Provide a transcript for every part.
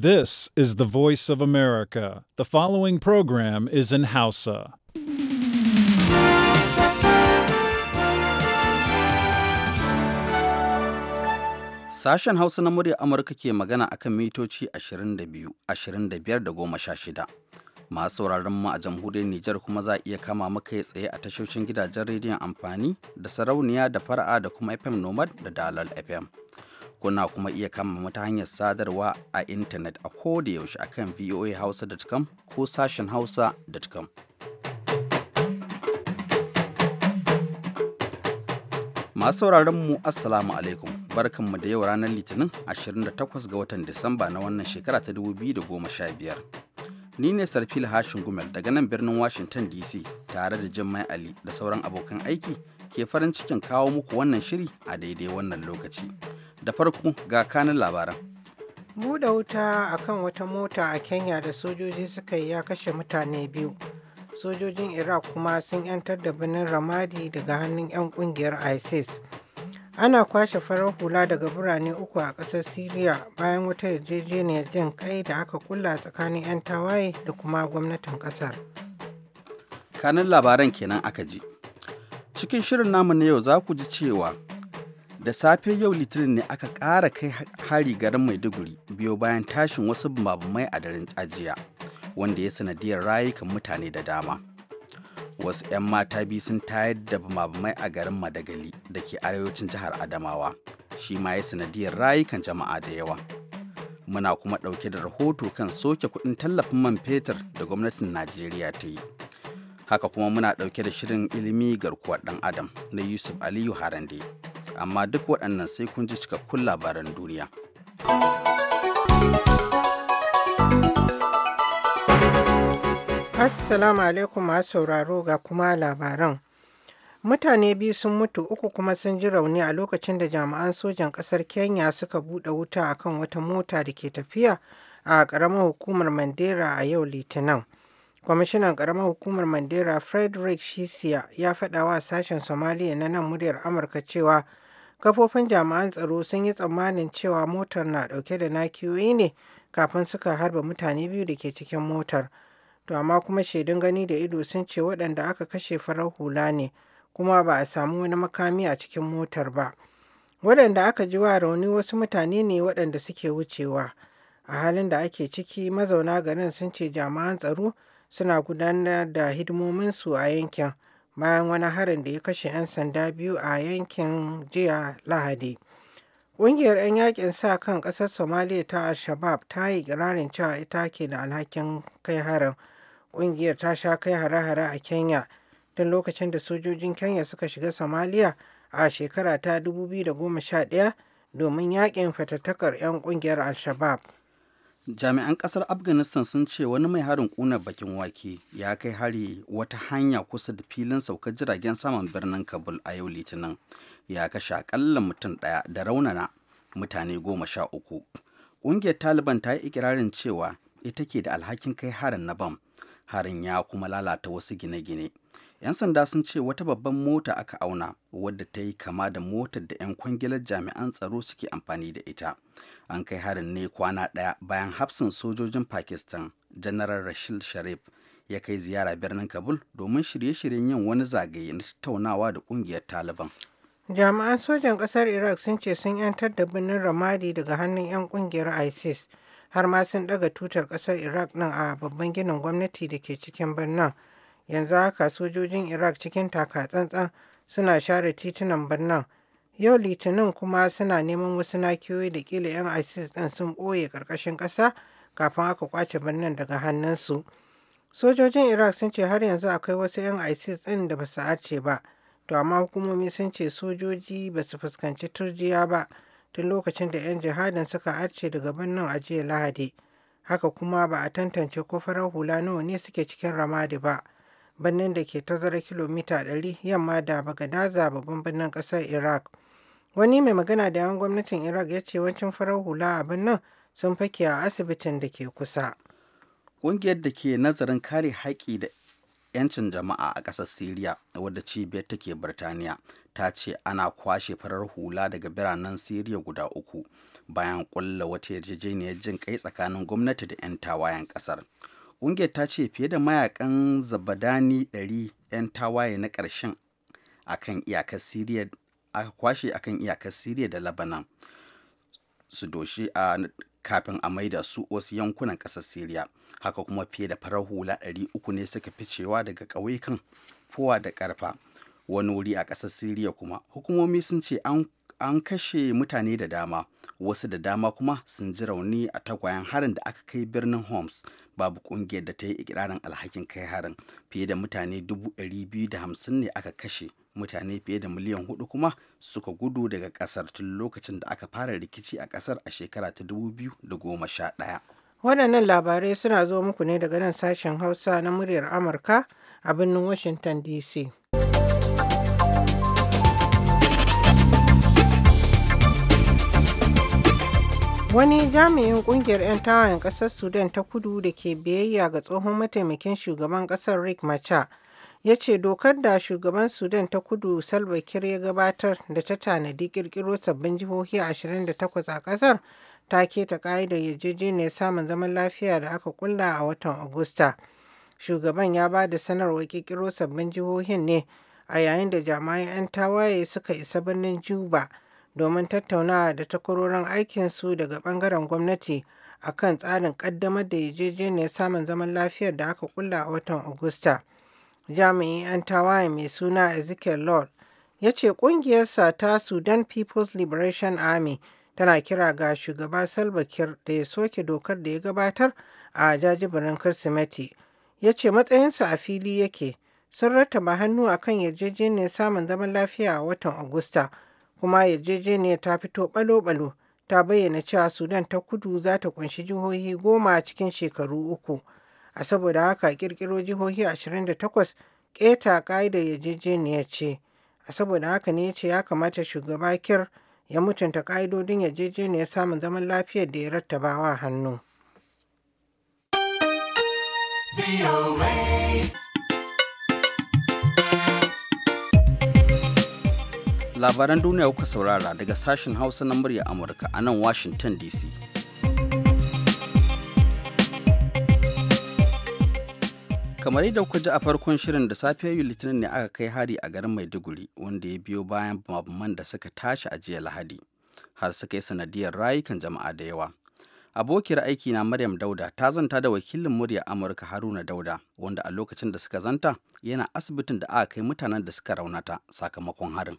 This is the voice of America. The following program is in Hausa. Sashen Hausa na murya Amurka ke magana akan mitoci 22, 25 da 16. Masu sauraron mu a jamhuriyar Nijar kuma za iya kama maka tsaye a tashoshin gidajen rediyon amfani da sarauniya da fara'a da kuma FM Nomad da Dalal FM. kuna kuma iya kama mata hanyar sadarwa a intanet a koda yaushe akan voahausa.com ko sashen hausa.com masu sauraron mu assalamu alaikum barkanmu da yau ranar litinin 28 ga watan disamba na wannan shekara ta 2015 ni ne sarfil hashin gumel daga nan birnin washington dc tare da jimmai ali da sauran abokan aiki ke farin cikin kawo muku wannan shiri a daidai wannan lokaci. Da farko ga kanin labaran. Buɗe wuta a kan wata mota a Kenya da sojoji suka yi ya kashe mutane biyu. Sojojin Iraq kuma sun 'yantar da binin Ramadi daga hannun 'yan ƙungiyar ISIS. Ana kwashe farar hula daga birane uku a ƙasar Siriya bayan wata yarjejeniyar jin kai da aka kulla tsakanin 'yan tawaye da kuma gwamnatin ƙasar. Kanin labaran kenan aka ji. cikin shirin namu na yau za ku ji cewa da safiyar yau litinin ne aka ƙara kai hari garin maiduguri biyo bayan tashin wasu mabumai a daren ajiya wanda ya sanadiyar rayukan mutane da dama wasu 'yan mata biyu sun tayar da mabumai a garin madagali da ke arewacin jihar adamawa shi ma ya sanadiyar rayukan jama'a da yawa muna kuma ɗauke da rahoto kan soke kuɗin tallafin man fetur da gwamnatin najeriya ta yi haka kuma muna ɗauke da shirin ilimi garkuwar ɗan adam na yusuf aliyu harande amma duk waɗannan sai kun ji cikakkun labaran duniya assalamu alaikum masu sauraro ga kuma labaran mutane biyu sun mutu uku kuma sun ji rauni a lokacin da jami'an sojan ƙasar kenya suka buɗe wuta akan wata mota da ke tafiya a ƙaramar hukumar mandera a yau litinin kwamishinan karamar hukumar mandera frederick shisia ya faɗa wa sashen somaliya na nan muryar amurka cewa kafofin jami'an tsaro sun yi tsammanin cewa motar na ɗauke da nakiyoyi ne kafin suka harba mutane biyu da ke cikin motar to amma kuma shaidun gani da ido sun ce waɗanda aka kashe farar hula ne kuma ba a samu wani makami a cikin motar ba waɗanda aka ji wa rauni wasu mutane ne waɗanda suke wucewa a halin da ake ciki mazauna garin sun ce jami'an tsaro suna gudanar da hidimominsu a yankin bayan wani harin da ya kashe 'yan sanda biyu a yankin jiya lahadi ƙungiyar 'yan yakin sa kan ƙasar somaliya ta al-shabab ta yi ƙirarin cewa ita ke da alhakin kai harin ƙungiyar ta sha kai hare-hare a kenya tun lokacin da sojojin kenya suka shiga somaliya a shekara ta 2011 domin yakin fatattakar 'yan ƙungiyar al-shabab jami'an ƙasar afghanistan sun ce wani mai harin ƙuna bakin wake ya kai hari wata hanya kusa da filin saukar jiragen saman birnin kabul a yau litinin ya kashe akalla mutum ɗaya da raunana mutane goma sha uku ƙungiyar taliban ta yi ikirarin cewa ita ke da alhakin kai harin na bam harin ya kuma lalata wasu gine-gine 'yan sanda sun ce wata babban mota aka auna wadda ta yi kama da motar da 'yan kwangilar jami'an tsaro suke amfani da ita an kai harin ne kwana ɗaya bayan hafsin sojojin pakistan janaral rashid sharif ya kai ziyara birnin kabul domin shirye-shiryen yin wani zagaye na tattaunawa da kungiyar taliban jami'an sojan ƙasar iraq sun ce sun 'yantar da birnin ramadi daga hannun 'yan kungiyar isis har ma sun ɗaga tutar ƙasar iraq nan a babban ginin gwamnati da ke cikin birnin yanzu haka sojojin iraq cikin taka takatsantsan suna share titunan birnin yau litinin kuma suna neman wasu nakiyoyi da kila 'yan isis ɗin sun ɓoye ƙarƙashin ƙasa kafin aka kwace birnin daga hannunsu sojojin iraq sun ce har yanzu akwai wasu 'yan isis ɗin da ba su arce ba to amma hukumomi sun ce sojoji ba su fuskanci turjiya ba tun lokacin da 'yan jihadin suka arce daga birnin a jiya lahadi haka kuma ba a tantance ko farar hula nawa ne suke cikin ramadi ba birnin da ke tazara kilomita 100 yamma da bagadaza babban birnin kasar iraq wani mai magana da yawan gwamnatin iraq ya ce wancin farar hula a birnin sun fake a asibitin da ke kusa ƙungiyar da ke nazarin kare haƙƙi da 'yancin jama'a a ƙasar siriya wadda cibiyar take birtaniya ta ce ana kwashe farar hula daga biranen siriya guda uku bayan ƙulla wata yarjejeniyar jin kai tsakanin gwamnati da 'yan tawayen ƙasar ƙungiyar ta ce fiye da mayakan zabadani 100 'yan tawaye na ƙarshen akan iyakar siriya aka kwashe akan iyakar siriya da labanan su doshi a kafin a maida su wasu yankunan ƙasar siriya haka kuma fiye da farar hula 300 ne suka cewa daga ƙauyukan fowa da ƙarfa wani wuri a ƙasar siriya kuma hukumomi sun ce an an kashe mutane da dama wasu da dama kuma sun ji rauni a tagwayen harin da aka kai birnin homs babu kungiyar da ta yi ikirarin alhakin kai harin fiye da mutane 250 ne aka kashe mutane fiye da miliyan hudu kuma suka gudu daga kasar tun lokacin da aka fara rikici a kasar a shekara ta 2011 waɗannan labarai suna zo muku ne daga nan sashen hausa na muryar amurka a birnin washington dc Wani jami'in kungiyar 'yan tawayen ƙasar Sudan ta kudu da ke biyayya ga tsohon mataimakin shugaban ƙasar Rick Macha ya ce dokar da shugaban Sudan ta kudu Salva Kiir ya gabatar da ta tanadi kirkiro sabbin jihohi 28 a ƙasar ta keta ƙa'idar yarjejeniyar samun zaman lafiya da aka kulla a watan Agusta. Shugaban ya ba da sanarwar kirkiro sabbin jihohin ne a yayin da jami'an 'yan tawaye suka isa birnin Juba. domin tattaunawa da takwarorin aikinsu daga bangaren gwamnati a kan tsarin ƙaddamar da yarjejeniyar samun zaman lafiyar da aka kulla a watan Agusta. Jami'in 'yan tawaye mai suna Ezekiel Lord ya ce ƙungiyarsa ta Sudan People's Liberation Army tana kira ga shugaba Salva Kiir da ya soke dokar da ya gabatar a jajibirin Kirsimeti. Ya ce matsayinsa a fili yake sun rattaba hannu akan yarjejeniyar samun zaman lafiya a watan Agusta. kuma yarjejeniyar ta fito balo-balo ta bayyana cewa sudan ta kudu za ta kunshi jihohi goma cikin shekaru uku a saboda haka kirkiro jihohi 28 keta ƙa'idar yarjejeniyar ce a saboda haka ne ce ya kamata shugaba kir ya mutunta ƙa'idodin yarjejeniyar samun zaman lafiyar da ya rattabawa hannu. labaran duniya kuka saurara daga sashen hausa na murya amurka a nan washington dc kamar yadda kuka ji a farkon shirin da safiyar litinin ne aka kai hari a garin maiduguri wanda ya biyo bayan babban da suka tashi a jiya lahadi har suka yi sanadiyar rayukan jama'a da yawa abokiyar aiki na maryam dauda ta zanta da wakilin murya amurka haruna dauda wanda a lokacin da suka zanta yana asibitin da aka kai mutanen da suka raunata sakamakon harin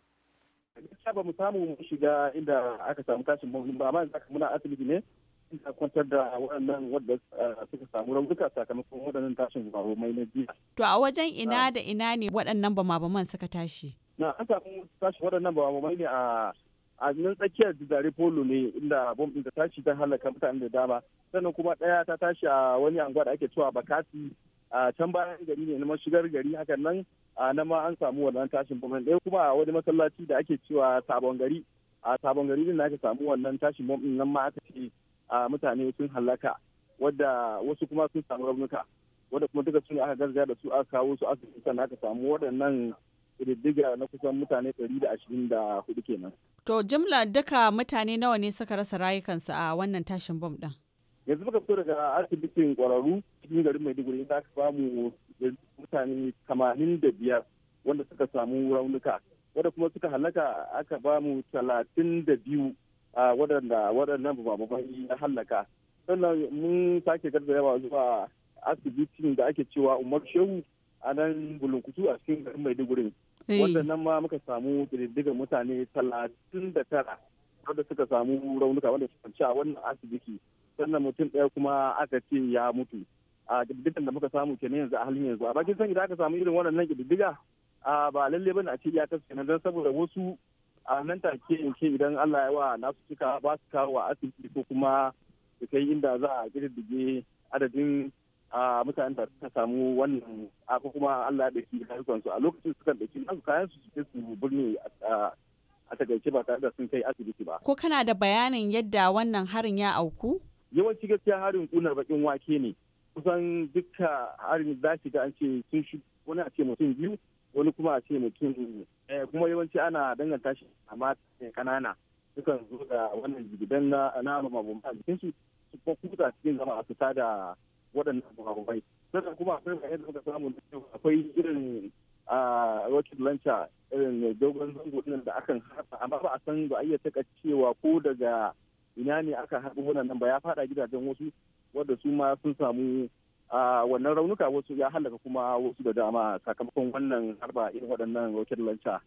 gaskiya ba mu samu mu shiga inda aka samu tashin bambam ba amma yanzu muna asibiti ne inda kwantar da waɗannan wadda eh, suka samu raunuka sakamakon waɗannan tashin mai na jiya. To a wajen ina da ina ne waɗannan ba bamabaman suka tashi? Na an samu tashi waɗannan ba bamabamai ne a a nan tsakiyar dare polo ne inda bom ɗin ta tashi ta halaka mutane da dama sannan kuma ɗaya ta tashi a wani anguwa da ake cewa bakati a can bayan gari ne na mashigar gari hakan nan na ma an samu wannan tashin bom ɗaya kuma a wani masallaci da ake cewa sabon gari a sabon gari din aka samu wannan tashin bom nan ma aka ce mutane sun halaka wadda wasu kuma sun samu raunuka wadda kuma duka sun aka gargaya da su aka kawo su asibiti sannan aka samu waɗannan ƙididdiga na kusan mutane ɗari da ashirin da hudu kenan. To jimla duka mutane nawa ne suka rasa rayukansu a wannan tashin bom ɗin? yanzu muka fito daga asibitin kwararru cikin garin maiduguri inda aka samu mutane tamanin da biyar wanda suka samu raunuka wanda kuma suka halaka aka ba mu talatin da biyu a waɗanda waɗannan ba mu ya halaka sannan mun sake yawa zuwa asibitin da ake cewa umar shehu a nan bulunkutu a cikin garin maiduguri eh. wanda ma muka samu ƙididdigar mutane talatin da tara wanda suka samu raunuka wanda suka ci a wannan asibiti sannan mutum ɗaya kuma aka ce ya mutu a ƙididdigan da muka samu kenan yanzu a halin yanzu a bakin san idan aka samu irin waɗannan ƙididdiga ba lalle bane a ce ya kasu kenan don saboda wasu a nan take in ce idan Allah ya wa nasu cika ba su kawo a asibiti ko kuma su kai inda za a ƙididdige adadin a mutanen da suka samu wannan ko kuma Allah ya ɗauki rayukansu a lokacin kan ɗauki nasu kayan su su su birni a takaice ba tare da sun kai asibiti ba. Ko kana da bayanin yadda wannan harin ya auku? yawanci gaskiya harin kunar bakin wake ne kusan dukka harin za ga an ce sun shi wani a ce mutum biyu wani kuma a ce mutum eh, kuma yawanci ana danganta shi a mata kanana sukan zo da wannan jigidan na nama mabumba jikin su su kuma cikin zama a fita da waɗannan mabubai sannan kuma akwai bayan da muka samu akwai irin a rocket launcher irin dogon zango ɗin da akan haɗa amma ba a san ba a iya taƙa cewa ko daga ina ne aka haɗu wannan ba ya faɗa gidajen wasu wanda su ma sun samu a wannan raunuka wasu ya halaka kuma wasu da dama sakamakon wannan harba irin waɗannan rocket launcher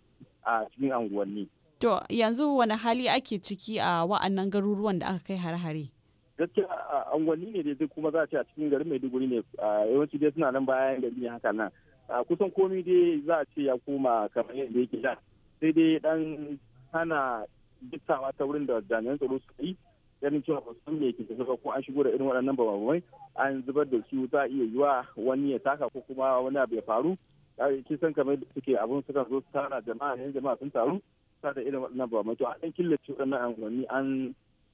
a cikin anguwanni. To yanzu wani hali ake ciki a wa'annan garuruwan da aka kai har-hare? Gaskiya anguwanni ne dai kuma za a ce a cikin garin Maiduguri ne yawanci dai suna nan bayan gari ne haka nan. Kusan komai dai za a ce ya koma kamar yadda yake da sai dai dan hana gittawa ta wurin da jami'an tsaro suka yi ganin cewa ba san me ke tafiya ko an shigo da irin waɗannan babamai an zubar da su za a iya yiwa wani ya taka ko kuma wani abu ya faru kin san kamar da suke abun suka zo su tara jama'a ne jama'a sun taru sa da irin waɗannan babamai to an killace waɗannan angwanni an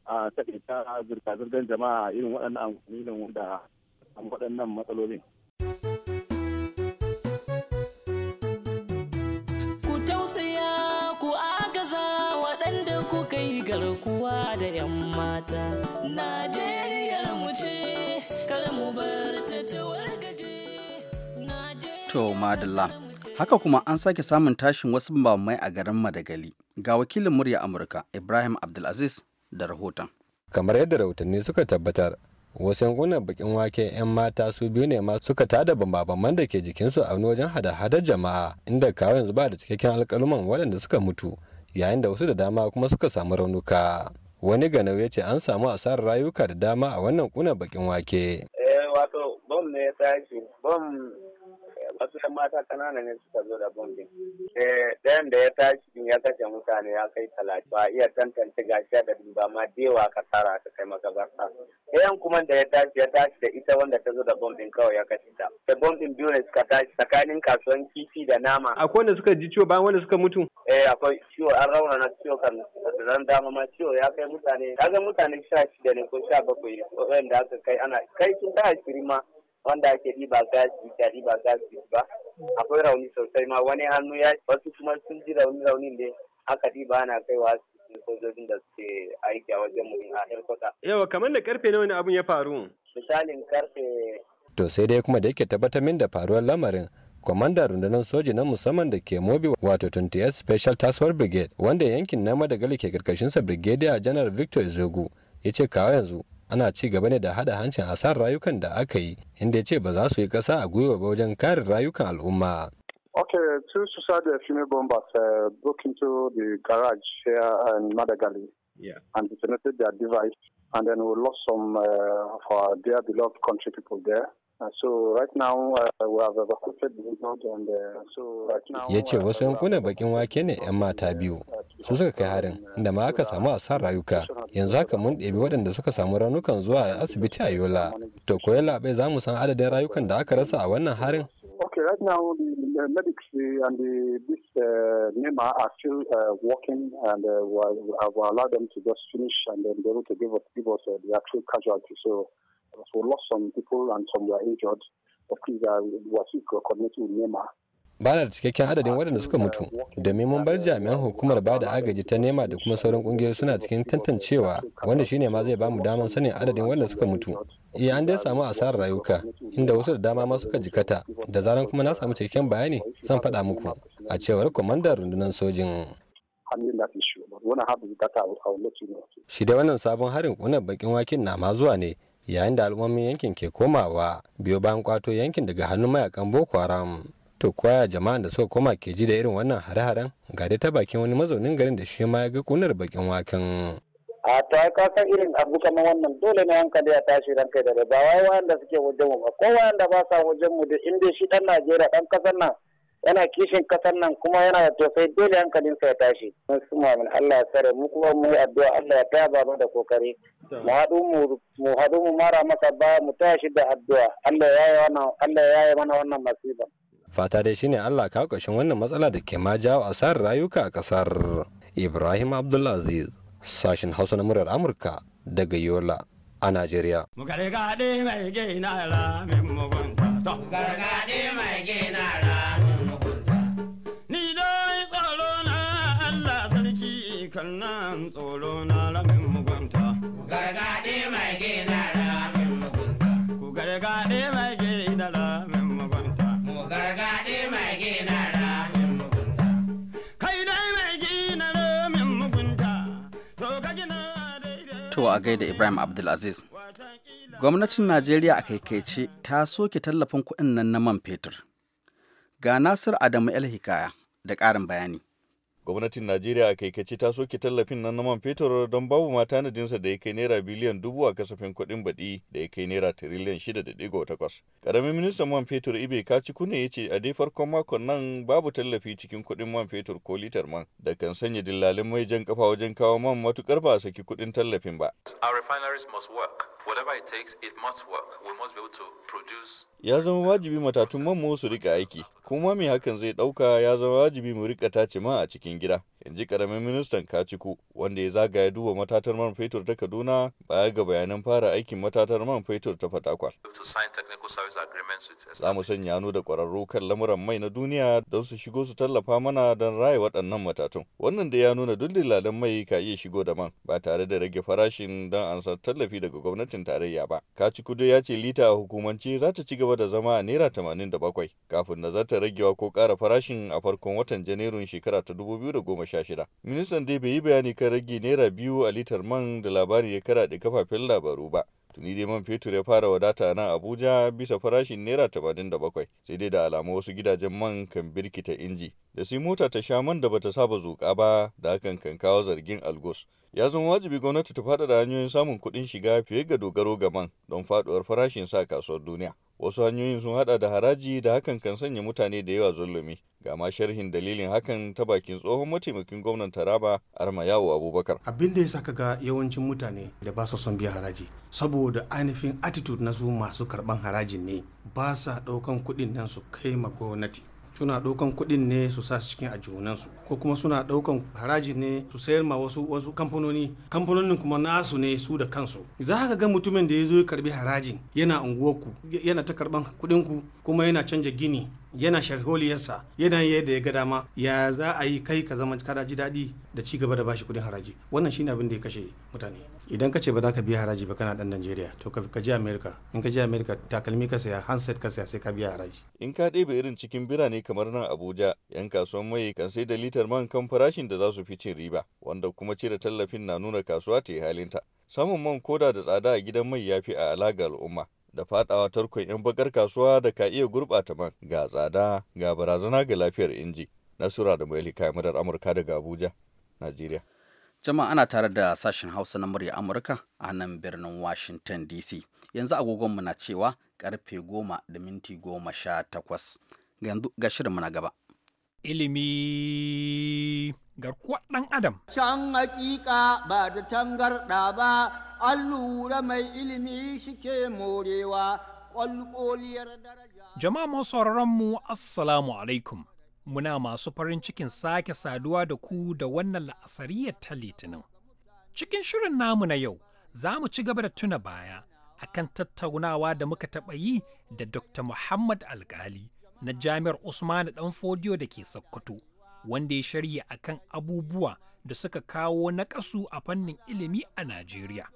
taƙaita zirga-zirgar jama'a irin waɗannan angwanni ne wanda waɗannan matsalolin. Ku tausaya mata madalla haka kuma an sake samun tashin wasu mai a garin madagali ga wakilin murya amurka ibrahim abdulaziz da rahoton kamar yadda rahotanni suka tabbatar wasu yankunan bakin wake 'yan mata su biyu ne ma suka tada bambaman da ke jikinsu a wani wajen hada-hadar jama'a inda kawo yanzu ba da cikakken alkaluman waɗanda suka mutu yayin da wasu da dama kuma suka samu raunuka wani ganau ya ce an samu asarar rayuka da dama a wannan kuna bakin wake. Eh wato bom ne ya tashi bom wasu yan mata kanana ne suka zo da bombin eh, ɗayan da ya tashi ya kashe mutane ya kai talatin ba iya tantance gashi da ba ma dewa ka tsara ka kai makabarta ɗayan kuma da ya tashi ya tashi da ita wanda ta zo da bombin kawai ya kashe ta da bombin biyu ne suka tashi tsakanin kasuwan kifi da nama akwai wanda suka ji ciwo bayan wanda suka mutu eh akwai ciwo an rauna na ciwo kan da dama ma ciwo ya kai mutane kaga mutane sha shida ne ko sha bakwai wanda aka kai ana kai kin ta ashirin ma wanda ake riba gaji da riba gaji ba akwai rauni sosai ma wani hannu ya wasu kuma sun ji rauni raunin ne aka riba na kaiwa sojojin da suke aiki a wajen mu a herkota. yawa kamar da karfe nawa ne abin ya faru misalin karfe to sai dai kuma da yake tabbatar min da faruwar lamarin kwamandan rundunar soji na musamman da ke mobi wato 28 special task force brigade wanda yankin na madagali ke karkashinsa brigadier general victor izogu ya ce kawo yanzu ana ci gaba ne da hada hancin asar rayukan da aka yi inda ce ba za su yi kasa a gwiwa ba wajen kare rayukan al'umma Okay, two suicide female bombers uh, broke into the garage here in Madagali yeah. and detonated their device. And then we lost some uh, of our dear beloved country people there. ya ce uh, wasu yankunan bakin wake ne 'yan mata biyu su suka kai harin inda ma aka samu asar rayuka yanzu haka mun ɗebi waɗanda suka samu raunukan zuwa asibiti a yola to ko yala bai za mu san adadin rayukan da aka rasa a wannan harin Okay, right now the, medics and the, this uh, NEMA are still uh, working and uh, we have allowed them to just finish and then they're to give us, give us uh, the actual casualty. So, so we lost some people and some were injured. But please, uh, we are still coordinating with NEMA. bana da cikakken adadin waɗanda suka mutu domin mun bar jami'an hukumar ba da agaji ta nema da kuma sauran ƙungiyoyi suna cikin tantancewa wanda shine ma zai bamu damar sanin adadin waɗanda suka mutu iya eh, an dai samu asarar rayuka inda wasu da dama ma suka jikata da zaran kuma na samu cikakken bayani zan faɗa muku a cewar kwamandan rundunar sojin shi da wannan sabon harin kunar bakin wakin na ma zuwa ne yayin da al'ummomin yankin ke komawa biyo bayan kwato yankin daga hannun mayakan boko haram to kwaya jama'an da suka koma ke ji da irin wannan hare-haren ga dai ta bakin wani mazaunin garin da shi ma ya ga kunar bakin waken a ta ka san irin abu kamar wannan dole ne hankali ya tashi ran kai da ba wai wanda suke wajen mu ba ko wanda ba sa wajen mu da inda shi dan Najeriya dan kasar nan yana kishin kasar nan kuma yana da tofai dole hankalinsa ya tashi mun su min Allah ya tsare mu kuma mu yi addu'a Allah ya taba mu da kokari mu haɗu mu haɗu mu mara masa ba mu tashi da addu'a Allah ya yi mana wannan masifa fata dai shine allah kawo ƙarshen wannan matsala da ke ma jawo asarar rayuka a ƙasar ibrahim abdulaziz sashen hausa na murar amurka daga yola a najeriya nan mugunta. Gargaɗe mai gina ramin mugunta. Ku gargaɗe mai gina ramin To a gaida Ibrahim Abdulaziz. Gwamnatin Najeriya a kaikaice ta soke tallafin kuɗin nan na man fetur. Ga Nasir Adamu El Hikaya da ƙarin bayani. gwamnatin najeriya a kaikace ta soke tallafin nan na man fetur don babu ma tanadinsa da ya kai naira biliyan dubu a kasafin kuɗin baɗi da ya kai naira tiriliyan shida da ɗigo takwas ƙaramin ministan man fetur ibe kaciku kune ya ce a dai farkon makon nan babu tallafi cikin kuɗin man fetur ko litar man da kan sanya dillalin mai jan kafa wajen kawo man matukar ba a saki kuɗin tallafin ba. ya zama wajibi matatun man mu su rika aiki kuma mai hakan zai ɗauka ya zama wajibi mu rika tace man a cikin cikin gida in ji karamin ministan kaciku wanda ya zagaya duba matatar man fetur ta kaduna baya ga bayanan fara aikin matatar man fetur ta fatakwal za mu sanya hannu da kwararru kan lamuran mai na duniya don su shigo su tallafa mana don raya waɗannan matatun wannan da ya nuna duk dillalan mai ka iya shigo da man ba tare da rage farashin don ansar tallafi daga gwamnatin tarayya ba kaciku dai ya ce lita a hukumance za ta ci gaba da zama a naira tamanin da bakwai kafin na za ta ragewa ko ƙara farashin a farkon watan janairun shekara ta dubu 2016. Ministan dai bai yi bayani kan rage naira biyu a litar man da labarin ya kara da kafafen labaru ba. tuni dai man fetur ya fara wadata na abuja bisa farashin naira tamanin da bakwai sai dai da alamu wasu gidajen man kan birkita inji da sai mota ta sha man da bata saba zuƙa ba da hakan kan kawo zargin algos ya zama wajibi gwamnati ta faɗaɗa hanyoyin samun kuɗin shiga fiye ga dogaro ga man don faɗuwar farashin sa kasuwar duniya wasu hanyoyin sun hada da haraji da hakan kan sanya mutane da yawa zulumi ga ma sharhin dalilin hakan ta bakin tsohon mataimakin gwamnan taraba arma yawo abubakar abinda ya saka ga yawancin mutane da ba su son biya haraji saboda ainihin attitude na su masu karban harajin ne ba sa daukan kuɗin nan su kai ma gwamnati suna ɗaukan kuɗin ne su sa cikin ajihunansu ko kuma suna ɗaukan haraji ne su sayar ma wasu wasu kamfanoni kamfanonin kuma nasu ne su da kansu za ka ga mutumin da ya zo ya karbi harajin yana unguwarku yana ta karban ku kuma yana canja gini yana sharholiyarsa yana yadda ya ga dama ya za a yi kai ka zama kada ji daɗi da ci gaba da bashi kudin haraji wannan shine abin da ya kashe mutane idan ka ce ba za ka biya haraji ba kana dan Najeriya to ka je Amerika in ka je Amerika takalmi ka saya handset ka saya sai ka biya haraji in ka ɗebe irin cikin birane kamar nan Abuja yan kasuwan mai kan sai da litar man kan farashin da za su fi cin riba wanda kuma cire tallafin na nuna kasuwa ta halinta samun man koda da tsada a gidan mai ya fi a alaga al'umma da fadawa tarkon 'yan bakar kasuwa da ka iya gurɓata man ga tsada ga barazana ga lafiyar inji nasura da mai kamarar amurka daga abuja najeriya jama'a ana tare da sashen hausa na murya amurka a nan birnin washington dc yanzu agogonmu na cewa karfe goma da minti goma sha takwas ga shirinmu na gaba ilimi garkuwar ɗan adam. Can hakika ba da tangarɗa ba, an lura mai ilimi shike morewa, ƙwalƙoliyar daraja. Jama'a masu mu Assalamu alaikum. Muna masu farin cikin sake saduwa da ku da wannan la'asariyar ta litinin. Cikin shirin namu na yau, za mu ci gaba da tuna baya akan tattaunawa da muka taɓa yi da Dr. Muhammad Alkali na Jami'ar Usman Danfodiyo da ke Sokoto. wanda ya a kan abubuwa da suka kawo naƙasu a fannin ilimi a Najeriya.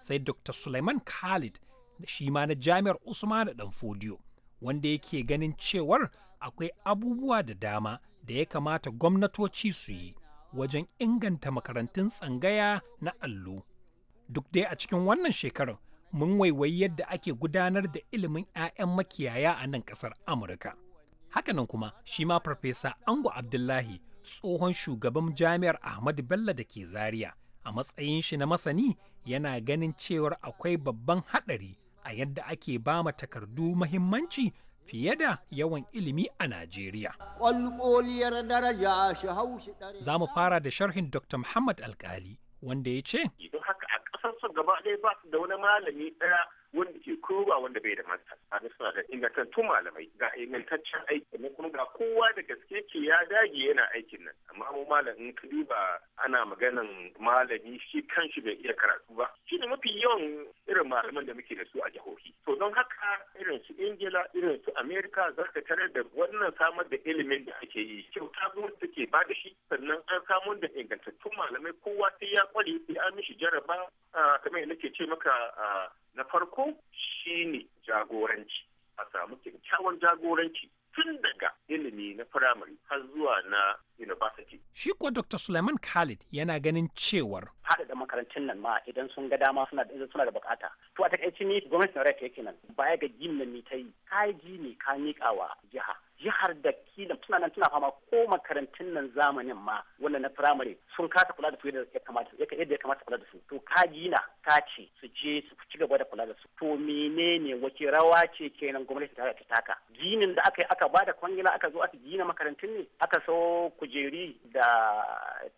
Sai Dr. Suleiman Khalid da shi ma na Jami'ar Usman da Danfodiyo, wanda yake ganin cewar akwai abubuwa da dama da ya kamata gwamnatoci su yi wajen inganta makarantun tsangaya na allo. Duk dai a cikin wannan shekarar mun waiwayi yadda ake gudanar da ilimin 'ya'yan makiyaya a nan ƙasar Amurka. hakanan kuma shi ma farfesa ango abdullahi tsohon shugaban jami'ar ahmadu bello da ke zaria a matsayin shi na masani yana ganin cewar akwai babban haɗari a yadda ake bama takardu mahimmanci fiye da yawan ilimi a Najeriya. Za mu fara da sharhin Dr. Muhammad Alkali wanda ya ce, Idan haka a ƙasar su gaba ɗaya ba da wani malami ɗaya wanda ke ba wanda bai da masta a suna da ingantattun malamai ga ingantaccen aiki na kuma ga kowa da gaske ke ya dage yana aikin nan amma mu malam in ka duba ana maganan malami shi kanshi bai iya karatu ba shi ne mafi yawan irin malaman da muke da su a jihohi to don haka irin su ingila irin su amerika za ka tarar da wannan samar da ilimin da ake yi kyauta gwamnati take ba da shi sannan an samu da ingantattun malamai kowa sai ya kware sai an mishi jaraba ah, kamar yadda nake ce maka ah, farko shi ne jagoranci a samu kyakkyawan jagoranci tun daga ilimi na firamare har zuwa na university. Shi kuwa Dr. Suleiman Khalid yana ganin cewar. da makarantun nan ma idan sun ga dama suna da suna da bukata. To a takaice ni gwamnatin rai yake nan baya ga gim nan ni ta yi. Ka ji ne ka miƙa wa jiha. jihar da kila tuna nan tuna fama ko makarantun nan zamanin ma wanda na firamare sun kasa kula da su yadda ya kamata yadda ya kamata kula da su to ka gina ka ce su je su ci gaba da kula da su to menene wace rawa ce kenan gwamnati ta ta taka ginin da aka yi aka bada kwangila aka zo aka gina makarantun ne aka so kujeri da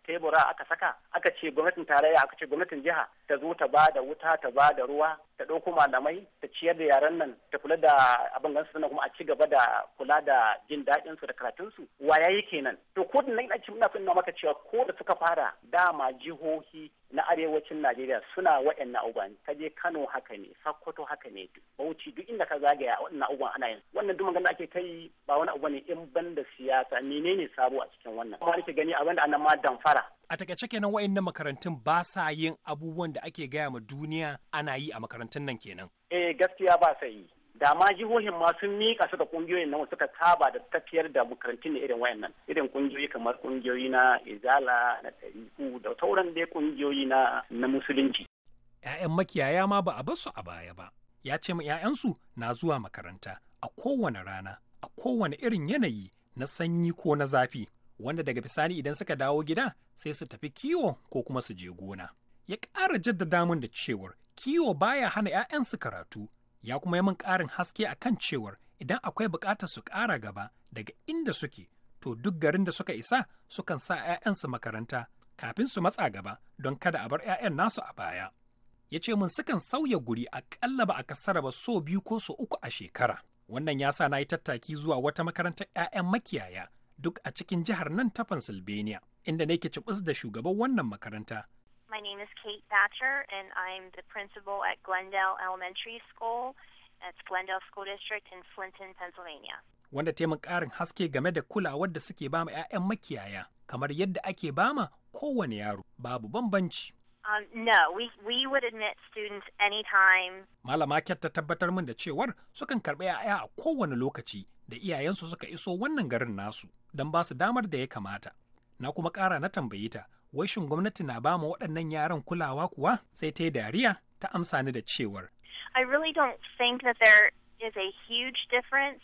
tebura aka saka aka ce gwamnatin tarayya aka ce gwamnatin jiha ta zo ta bada wuta ta bada ruwa ta ɗauko malamai ta ciyar da yaran nan ta kula da abin gansu kuma a ci gaba da kula da jin daɗin su da karatun su waya yake nan to ko nan ina muna son maka cewa ko da suka fara dama jihohi na arewacin Najeriya suna waɗannan abubuwan ka je Kano haka ne Sokoto haka ne Bauchi duk inda ka zagaya waɗannan abubuwan ana yin wannan duk magana ake kai ba wani abu ne in banda siyasa menene sabo a cikin wannan kuma nake gani abin da anan ma damfara a takaice kenan wa'annan makarantun ba sa yin abubuwan da ake gaya ma duniya ana yi a makarantun nan kenan eh gaskiya ba sa yi da ma jihohin ma sun su suka ƙungiyoyin nan suka saba da tafiyar da makarantun ne irin wayannan irin ƙungiyoyi kamar ƙungiyoyi na izala na tariku da sauran dai ƙungiyoyi na na musulunci 'ya'yan makiyaya ma ba a bar su a baya ba ya ce ma ƴaƴansu na zuwa makaranta a kowane rana a kowane irin yanayi na sanyi ko na zafi wanda daga bisani idan suka dawo gida sai su tafi kiwo ko kuma su je gona ya ƙara jaddada mun da cewar kiwo baya hana 'ya'yansu karatu ya kuma yi min ƙarin haske a kan cewar idan akwai buƙatar su ƙara gaba daga inda suke to duk garin da suka isa sukan sa 'ya'yansu makaranta kafin su matsa gaba don kada a bar 'ya'yan nasu a baya ya ce min sukan sauya guri aƙalla ba a kasara ba so biyu ko so uku a shekara wannan ya sa na yi tattaki zuwa wata makarantar 'ya'yan makiyaya duk a cikin jihar nan ta Pennsylvania inda na nake cibis da shugaban wannan makaranta My name is Kate Thatcher, and I'm the principal at Glendale Elementary School. That's Glendale School District in Flinton, Pennsylvania. Wanda taimun ƙarin haske game da kulawar da suke bama 'ya'yan makiyaya, kamar yadda ake bama kowane yaro, babu bambanci. Um, no, we, we would admit students anytime. Malama Kat ta tabbatar min da cewar sukan karɓi 'ya'ya a kowane lokaci da iyayensu suka iso wannan garin nasu don ba su damar da ya kamata. Na kuma ƙara na tambaye ta wai shin gwamnati na ba mu waɗannan yaran kulawa kuwa sai ta yi dariya ta amsa ni da cewar I really don't think is a huge difference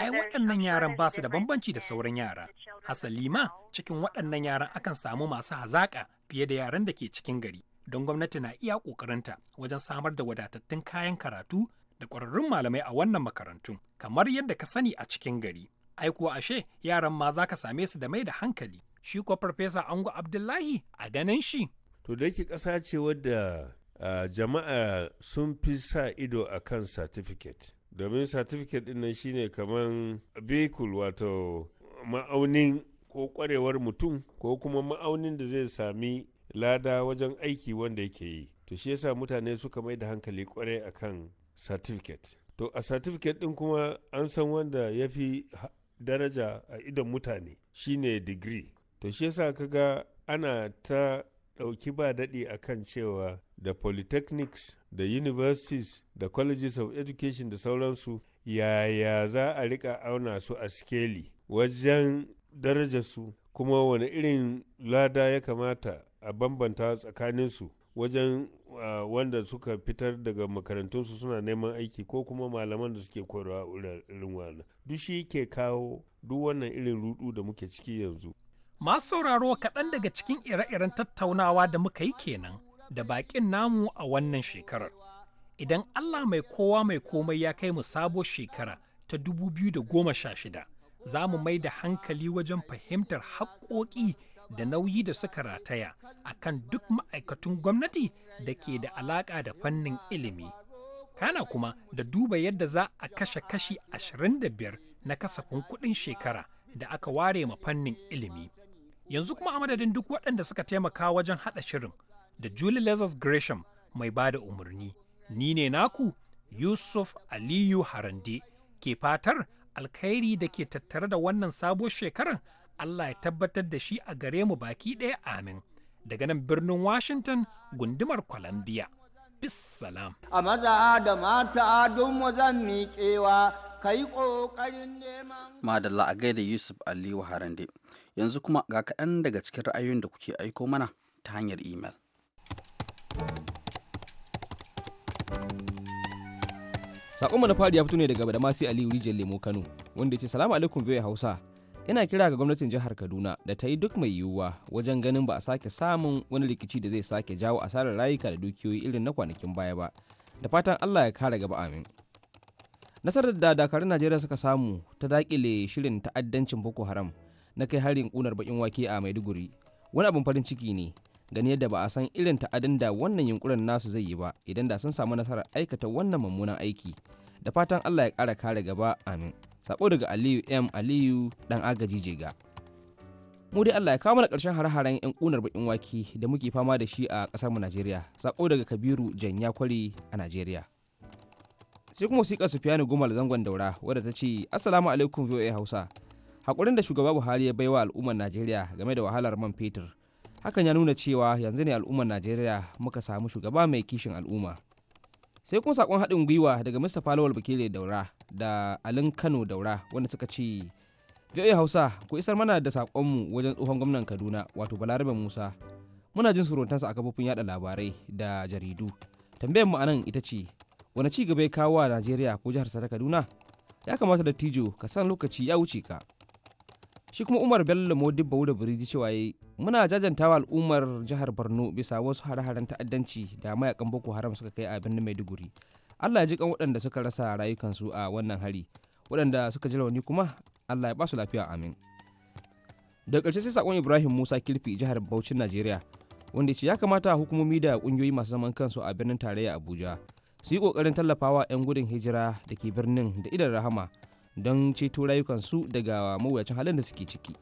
Ai waɗannan yaran ba su da bambanci da sauran yara. Hasali ma cikin waɗannan yaran akan samu masu hazaƙa fiye da yaran da ke cikin gari. Don gwamnati na iya ƙoƙarinta wajen samar da wadatattun kayan karatu da ƙwararrun malamai a wannan makarantun, kamar yadda ka sani a cikin gari. Ai kuwa ashe yaran ma za ka same su da mai da hankali shi kuwa farfesa ango abdullahi a ganin shi to da yake ƙasa ce wadda jama'a sun fi sa ido a kan certificate domin certificate din nan shine kamar vehicle wato ma'aunin ko kwarewar mutum ko kuma ma'aunin da zai sami lada wajen aiki wanda yake yi to shi yasa mutane suka mai da hankali a kan certificate to a certificate ɗin kuma an san wanda ya fi daraja a idon mutane shine degree to shi yasa ga ana ta ɗauki ba daɗi a kan cewa da polytechnics da universities da colleges of education da sauransu yaya za a rika auna su a skeli wajen darajarsu kuma wani irin lada ya kamata a bambanta tsakaninsu wajen wanda suka fitar daga makarantunsu suna neman aiki ko kuma malaman da suke koyarwa irin wannan duk shi ke kawo duk wannan irin rudu da muke ciki yanzu Masu sauraro kaɗan daga cikin ire-iren tattaunawa da muka yi kenan da baƙin namu a wannan shekarar. Idan Allah mai kowa mai komai ya kai mu sabo shekara ta dubu biyu da goma 2016, za mu mai da hankali wajen fahimtar haƙoƙi da nauyi da suka rataya a kan duk ma'aikatun gwamnati da ke da alaƙa da fannin ilimi. Kana kuma da duba yadda za a kashe kashi ashirin da biyar na kasafin kuɗin shekara da aka ware ma fannin ilimi. yanzu kuma a madadin duk waɗanda suka taimaka wajen haɗa shirin da Julie Lazarus Gresham mai ba da umarni. Ni ne naku Yusuf Aliyu Harande ke fatar alkhairi da ke tattare da wannan sabuwar shekarar Allah ya tabbatar da shi a gare mu baki ɗaya amin. Daga nan birnin Washington gundumar Columbia. Bissalam. A maza da mata don zan miƙewa kai ƙoƙarin neman. Madalla a gaida Yusuf Aliyu Harande. Yanzu kuma ga kaɗan daga cikin ra'ayoyin da kuke aiko mana ta hanyar imel. Sakonmu na fari ya fito ne daga Badamasi Aliyu Rijiyar Lemo Kano, wanda ya ce Salamu alaikum biyu Hausa. Ina kira ga gwamnatin jihar Kaduna da ta yi duk mai yiwuwa wajen ganin ba a sake samun wani rikici da zai sake jawo asarar rayuka da dukiyoyi irin na kwanakin baya ba. Da fatan Allah ya kare gaba amin. Nasarar da dakarun Najeriya suka samu ta dakile shirin ta'addancin Boko Haram na kai harin kunar bakin wake a maiduguri wani abin farin ciki ne gani yadda ba a san irin ta'adin da wannan yunkurin nasu zai yi ba idan da sun samu nasarar aikata wannan mummunan aiki da fatan allah ya kara kare gaba amin sako daga aliyu m aliyu dan agaji jega mu dai allah ya kawo mana karshen har haren yan kunar bakin wake da muke fama da shi a kasar mu najeriya sako daga kabiru janya kwari a najeriya sai kuma wasiƙar sufiyanu gumal zangon daura wadda ta ce assalamu alaikum voa hausa haƙurin da shugaba buhari ya baiwa al'ummar najeriya game da wahalar man fetur hakan ya nuna cewa yanzu ne al'ummar najeriya muka samu shugaba mai kishin al'umma sai kuma sakon haɗin gwiwa daga mista falowar bakile daura da alin kano daura wanda suka ce voa hausa ku isar mana da sakonmu wajen tsohon gwamnan kaduna wato balarabe musa muna jin surutansa a kafofin yada labarai da jaridu tambayar mu anan ita ce wani ci gaba ya kawo wa najeriya ko jihar ta kaduna ya kamata dattijo ka san lokaci ya wuce ka shi kuma umar bello modibba da biriji cewa muna jajantawa al'ummar jihar borno bisa wasu hare-haren ta'addanci da mayakan boko haram suka kai a birnin maiduguri allah ya ji kan waɗanda suka rasa rayukansu a wannan hari waɗanda suka ji rauni kuma allah ya basu lafiya amin da ƙarshe sai sakon ibrahim musa kirfi jihar bauchin najeriya wanda ce ya kamata hukumomi da ƙungiyoyi masu zaman kansu a birnin tarayya abuja su yi ƙoƙarin tallafawa 'yan gudun hijira da ke birnin da idan rahama don ceto rayukansu daga mawuyacin halin da suke ciki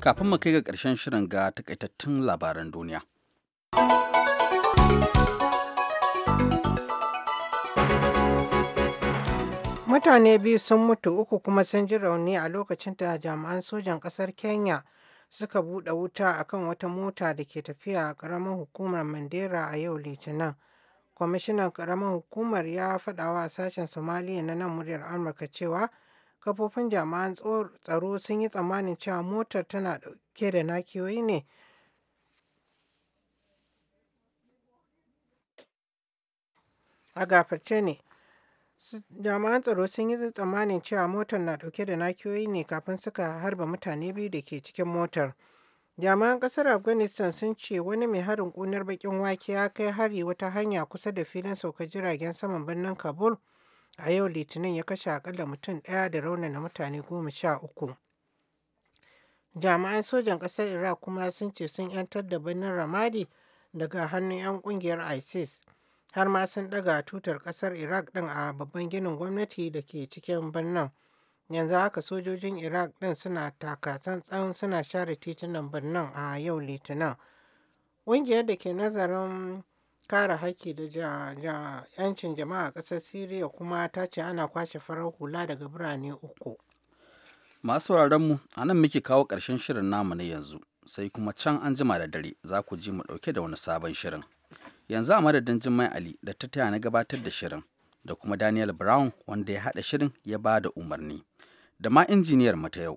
kafin mu kai ga ƙarshen shirin ga takaitattun labaran duniya mutane biyu sun mutu uku kuma sun ji rauni a lokacin da jami'an sojan ƙasar kenya suka buɗe wuta akan wata mota da ke tafiya a ƙaramin hukumar mandera a yau litinin kwamishinan ƙaramin hukumar ya faɗa wa sashen somaliya na nan muryar amurka cewa kafofin jami'an tsaro sun yi tsammanin cewa motar tana ɗauke da nakiyoyi ne a gafarce ne jami'an tsaro sun yi tsammanin cewa motar na ɗauke da nakiyoyi ne kafin suka harba mutane biyu da ke cikin motar. Jami'an kasar Afghanistan sun ce wani mai harin kunar bakin wake ya kai hari wata hanya kusa da filin sauka jiragen saman birnin Kabul a yau Litinin ya kashe akalla mutum daya da na mutane goma sha uku. Jami'an sojan kasar Iraq kuma sun ce sun 'yantar da birnin Ramadi daga hannun 'yan kungiyar ISIS har ma sun daga tutar kasar Iraq din a babban ginin gwamnati da ke cikin birnin. Yanzu haka sojojin Iraq ɗin suna takatsantsan suna share titunan birnin a yau Litinin. Ƙungiyar da ke nazarin kare haƙƙi da 'yancin jama'a a ƙasar Siriya kuma ta ce ana kwashe farar hula daga birane uku. Masu mu a nan muke kawo ƙarshen shirin namu na yanzu, sai kuma can an jima da dare za ku ji mu ɗauke da wani sabon shirin. Yanzu a madadin Jummai Ali da ta taya na gabatar da shirin, da kuma Daniel Brown wanda ya haɗa shirin ya ba da umarni. da ma injiniyar mata yau.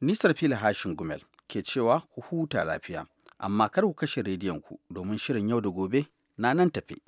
Nisar fila hashin gumel ke cewa ku huta lafiya, amma kar ku kashe rediyon ku domin shirin yau da gobe na nan tafe.